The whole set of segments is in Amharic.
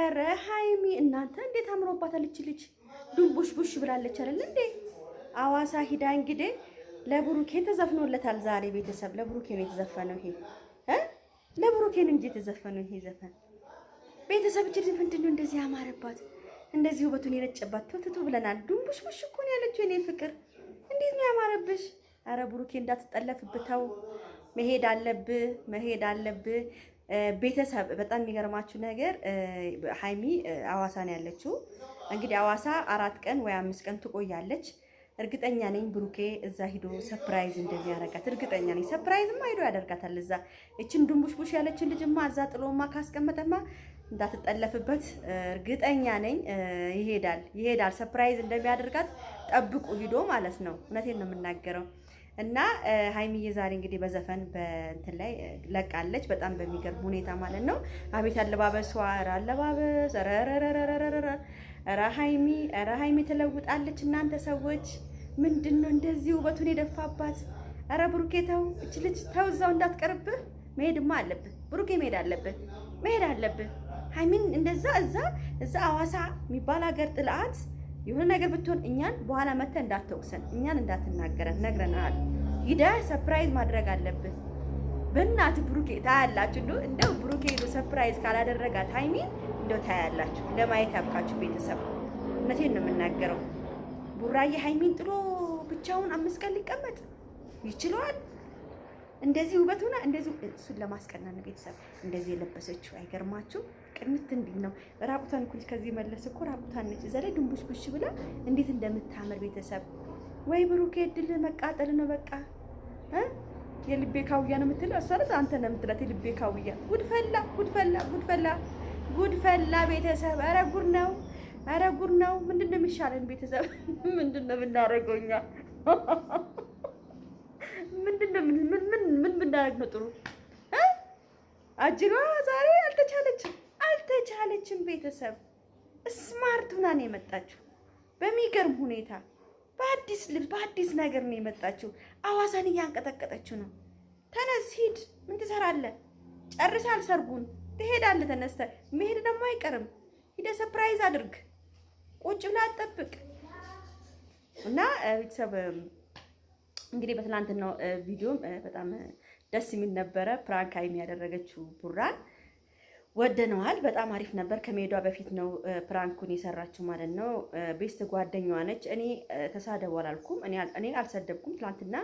ኧረ ሀይሚ እናንተ እንዴት አምሮባታል! ልጅ ልጅ ዱንቡሽ ቡሽ ብላለች አይደል እንዴ? አዋሳ ሂዳ እንግዲህ ለብሩኬ ተዘፍኖለታል። ዛሬ ቤተሰብ ለብሩኬ ነው የተዘፈነው። ይሄ እ እንጂ የተዘፈነው ይሄ ዘፈን ቤተሰብ እጅ ምንድን ነው እንደዚህ ያማረባት እንደዚህ ውበቱን የነጨባት ትትቱ ብለናል። ዱንቡሽ ቡሽ እኮ ነው ያለችው። ፍቅር እንዴት ነው ያማረብሽ! አረ ብሩኬ እንዳትጠለፍብተው መሄድ አለብህ መሄድ አለብህ። ቤተሰብ በጣም የሚገርማችሁ ነገር ሀይሚ አዋሳ ነው ያለችው። እንግዲህ አዋሳ አራት ቀን ወይ አምስት ቀን ትቆያለች። እርግጠኛ ነኝ ብሩኬ እዛ ሂዶ ሰፕራይዝ እንደሚያደርጋት እርግጠኛ ነኝ። ሰፕራይዝማ ሂዶ ያደርጋታል። እዛ እችን ድንቡሽቡሽ ያለችን ልጅማ እዛ ጥሎማ ካስቀመጠማ እንዳትጠለፍበት እርግጠኛ ነኝ። ይሄዳል ይሄዳል፣ ሰፕራይዝ እንደሚያደርጋት ጠብቁ ሂዶ ማለት ነው። እውነቴን ነው የምናገረው። እና ሀይሚዬ ዛሬ እንግዲህ በዘፈን በእንትን ላይ ለቃለች፣ በጣም በሚገርም ሁኔታ ማለት ነው። አቤት አለባበሷ! ኧረ አለባበስ! ኧረ ሀይሚ ኧረ ሀይሚ ትለውጣለች። እናንተ ሰዎች ምንድን ነው እንደዚህ ውበቱን የደፋባት? ኧረ ብሩኬ ተው፣ እች ልጅ ተው፣ እዛው እንዳትቀርብህ። መሄድማ አለብህ ብሩኬ፣ መሄድ አለብህ፣ መሄድ አለብህ። ሀይሚን እንደዛ እዛ እዛ አዋሳ የሚባል ሀገር ጥልአት የሆነ ነገር ብትሆን እኛን በኋላ መተ እንዳትወቅሰን፣ እኛን እንዳትናገረን ነግረናል። ሂዳ ሰፕራይዝ ማድረግ አለብን። በእናት ብሩኬ ታያላችሁ። እንደው እንደ ብሩኬ ሄዶ ሰፕራይዝ ካላደረጋት ሀይሚን እንደው ታያላችሁ። ለማየት ያብቃችሁ ቤተሰብ። እውነቴን ነው የምናገረው። ቡራዬ ሀይሚን ጥሎ ብቻውን አምስት ቀን ሊቀመጥ ይችለዋል? እንደዚህ ውበት ሆና እንደዚህ እሱን ለማስቀናት ነው ቤተሰብ እንደዚህ የለበሰችው። አይገርማችሁ? ቅንት እንዲህ ነው። ራቁታን እኮ ከዚህ መለስ እኮ ራቁታን ነች። እዛ ላይ ድንቡሽቡሽ ብላ እንዴት እንደምታምር ቤተሰብ። ወይ ብሩኬ ድል መቃጠል ነው በቃ የልቤ ካውያ ነው የምትለው እሷ ረት አንተ ነው የምትላት የልቤ ካውያ። ጉድፈላ ጉድፈላ ጉድፈላ ጉድፈላ ቤተሰብ። ኧረ ጉድ ነው፣ ኧረ ጉድ ነው። ምንድን ነው የሚሻለን ቤተሰብ? ምንድን ነው የምናደርገው እኛ? ነው ምን ምን ምን ምን ብናደርግ ነው ጥሩ? አጅሯ ዛሬ አልተቻለችም፣ አልተቻለችም። ቤተሰብ ስማርት ሁና ነው የመጣችው። በሚገርም ሁኔታ በአዲስ ልብስ በአዲስ ነገር ነው የመጣችው። አዋሳን እያንቀጠቀጠችው ነው። ተነስ ሂድ። ምን ትሰራለህ? ጨርሳል ሰርጉን ትሄዳለህ። ተነስተህ መሄድ ደግሞ አይቀርም። ሂደህ ሰፕራይዝ አድርግ። ቁጭ ብላ አትጠብቅ እና ቤተሰብ እንግዲህ በትናንትናው ቪዲዮም በጣም ደስ የሚል ነበረ። ፕራንክ ሀይሚ ያደረገችው ቡራን ወደነዋል። በጣም አሪፍ ነበር። ከመሄዷ በፊት ነው ፕራንኩን የሰራችው ማለት ነው። ቤስት ጓደኛዋ ነች። እኔ ተሳደቡ አላልኩም፣ እኔ አልሰደብኩም። ትናንትና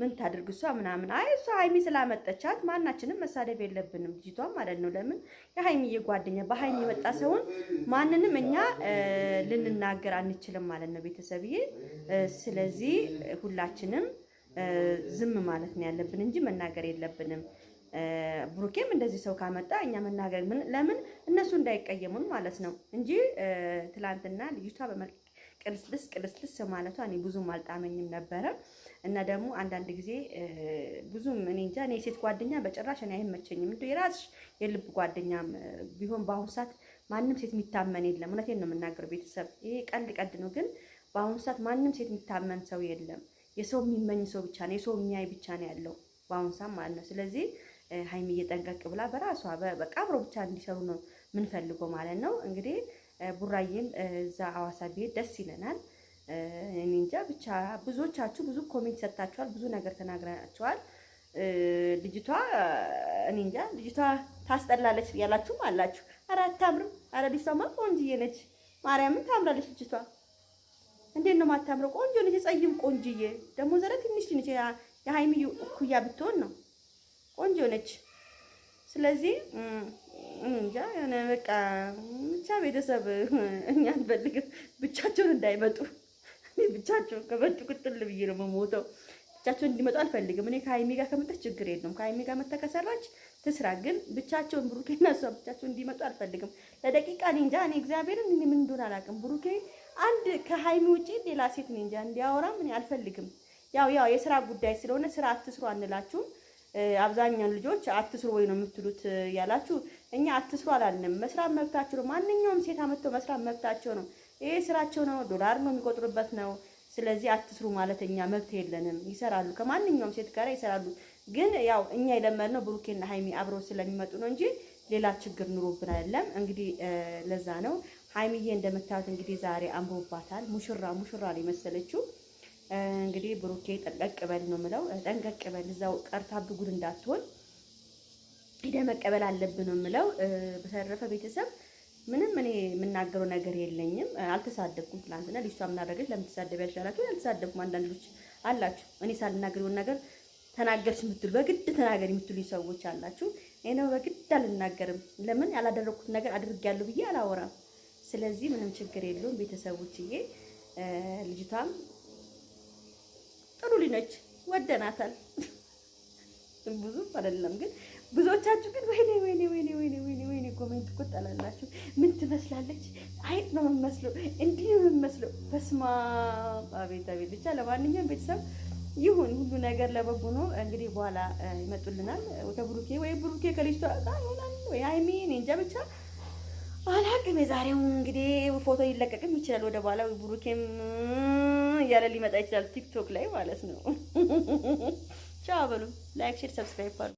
ምን ታድርግ እሷ ምናምን፣ አይ እሷ ሀይሚ ስላመጠቻት ማናችንም መሳደብ የለብንም ልጅቷ ማለት ነው። ለምን የሀይሚዬ ጓደኛ በሀይሚ የመጣ ሰውን ማንንም እኛ ልንናገር አንችልም ማለት ነው ቤተሰብዬ። ስለዚህ ሁላችንም ዝም ማለት ነው ያለብን እንጂ መናገር የለብንም። ብሩኬም እንደዚህ ሰው ካመጣ እኛ መናገር ለምን እነሱ እንዳይቀየሙን ማለት ነው እንጂ ትላንትና ልጅቷ በመልክ ቅልስልስ ቅልስልስ ማለቷ እኔ ብዙም አልጣመኝም ነበረ። እና ደግሞ አንዳንድ ጊዜ ብዙም እኔ እንጃ እኔ የሴት ጓደኛ በጭራሽ እኔ አይመቸኝም። እንደው የራስሽ የልብ ጓደኛም ቢሆን በአሁኑ ሰዓት ማንም ሴት የሚታመን የለም። እውነቴን ነው የምናገረው ቤተሰብ፣ ይሄ ቀልድ ቀልድ ነው፣ ግን በአሁኑ ሰዓት ማንም ሴት የሚታመን ሰው የለም። የሰው የሚመኝ ሰው ብቻ ነው፣ የሰው የሚያይ ብቻ ነው ያለው በአሁን ሰዓት ማለት ነው። ስለዚህ ሀይሚ እየጠንቀቅ ብላ በራሷ በቃ አብሮ ብቻ እንዲሰሩ ነው ምንፈልገው ማለት ነው። እንግዲህ ቡራዬም እዛ አዋሳ ቢሄድ ደስ ይለናል። እኔ እንጃ ብቻ ብዙዎቻችሁ ብዙ ኮሜንት ሰጥታችኋል፣ ብዙ ነገር ተናግራችኋል። ልጅቷ እኔ እንጃ ልጅቷ ታስጠላለች ያላችሁም አላችሁ። ኧረ አታምርም፣ ኧረ ልጅቷማ ቆንጅዬ ነች፣ ማርያምን ታምራለች ልጅቷ እንዴት ነው ማታምረው? ቆንጆ ነች፣ ጸይም ቆንጅዬ ደግሞ ዘረ ትንሽ ልጅ የሀይሚ እኩያ ብትሆን ነው ቆንጆ ነች። ስለዚህ እንጃ የሆነ በቃ ብቻ ቤተሰብ እኛ አንፈልግም፣ ብቻቸውን እንዳይመጡ። ብቻቸውን ከመጡ ቅጥል ብዬ ነው የምሞተው። ብቻቸውን እንዲመጡ አልፈልግም። እኔ ከሀይሚ ጋር ከመጣች ችግር የለውም። ከሀይሚ ጋር መታ ከሰራች ትስራ። ግን ብቻቸውን ብሩኬና እሷ ብቻቸውን እንዲመጡ አልፈልግም። ለደቂቃ እኔ እንጃ እኔ እግዚአብሔርን ምን እንደሆነ አላውቅም ብሩኬ አንድ ከሀይሚ ውጪ ሌላ ሴት ነኝ እንጂ እንዲያወራ ምን አልፈልግም። ያው ያው የስራ ጉዳይ ስለሆነ ስራ አትስሩ አንላችሁም። አብዛኛውን ልጆች አትስሩ ወይ ነው የምትሉት ያላችሁ፣ እኛ አትስሩ አላልንም። መስራት መብታቸው ነው። ማንኛውም ሴት አመጥቶ መስራት መብታቸው ነው። ይሄ ስራቸው ነው። ዶላር ነው የሚቆጥሩበት ነው። ስለዚህ አትስሩ ማለት እኛ መብት የለንም። ይሰራሉ፣ ከማንኛውም ሴት ጋር ይሰራሉ። ግን ያው እኛ የለመድነው ብሩኬና ሀይሚ አብረው ስለሚመጡ ነው እንጂ ሌላ ችግር ኑሮብን አይደለም። እንግዲህ ለዛ ነው ሀይሚዬ እንደምታዩት እንግዲህ ዛሬ አንቦባታል። ሙሽራ ሙሽራ ነው የመሰለችው። እንግዲህ ብሩኬ ጠንቀቅ በል ነው የምለው። ጠንቀቅ በል እዛው ቀርታ ብጉድ እንዳትሆን ሂደህ መቀበል አለብን ነው የምለው። በተረፈ ቤተሰብ ምንም እኔ የምናገረው ነገር የለኝም። አልተሳደብኩም። ትናንትና ልጅቷ ምናደረገች ለምትሳደብ ትሳደቢያለሽ አላችሁ። አልተሳደብኩም። አንዳንድ ልጆች አላችሁ እኔ ሳልናገር የሆነ ነገር ተናገርሽ የምትሉ በግድ ተናገር የምትሉ ሰዎች አላችሁ። እኔ ነው በግድ አልናገርም። ለምን ያላደረግኩት ነገር አድርጌያለሁ ብዬ አላወራም። ስለዚህ ምንም ችግር የለውም ቤተሰቦችዬ። ልጅቷም ጥሩ ልጅ ወደናታል። ብዙ አይደለም ግን ብዙዎቻችሁ ግን ወይኔ ወይኔ ወይኔ ወይኔ ወይኔ ወይኔ ኮሜንት እኮ ምን ትመስላለች? አይጥ ነው የምመስለው፣ እንዲህ ነው የምመስለው። በስማ አቤት አቤት። ብቻ ለማንኛውም ቤተሰብ ይሁን ሁሉ ነገር ለበጎ ነው። እንግዲህ በኋላ ይመጡልናል ከብሩኬ ወይ ብሩኬ ከልጅቷ ጋር ይሆናል ወይ አይሚን እንጃ ብቻ አላቅም። የዛሬው እንግዲህ ፎቶ ይለቀቅም ይችላል ወደ በኋላ ብሩኬም እያለ ሊመጣ ይችላል ቲክቶክ ላይ ማለት ነው። ቻው በሉ። ላይክ፣ ሼር፣ ሰብስክራይብ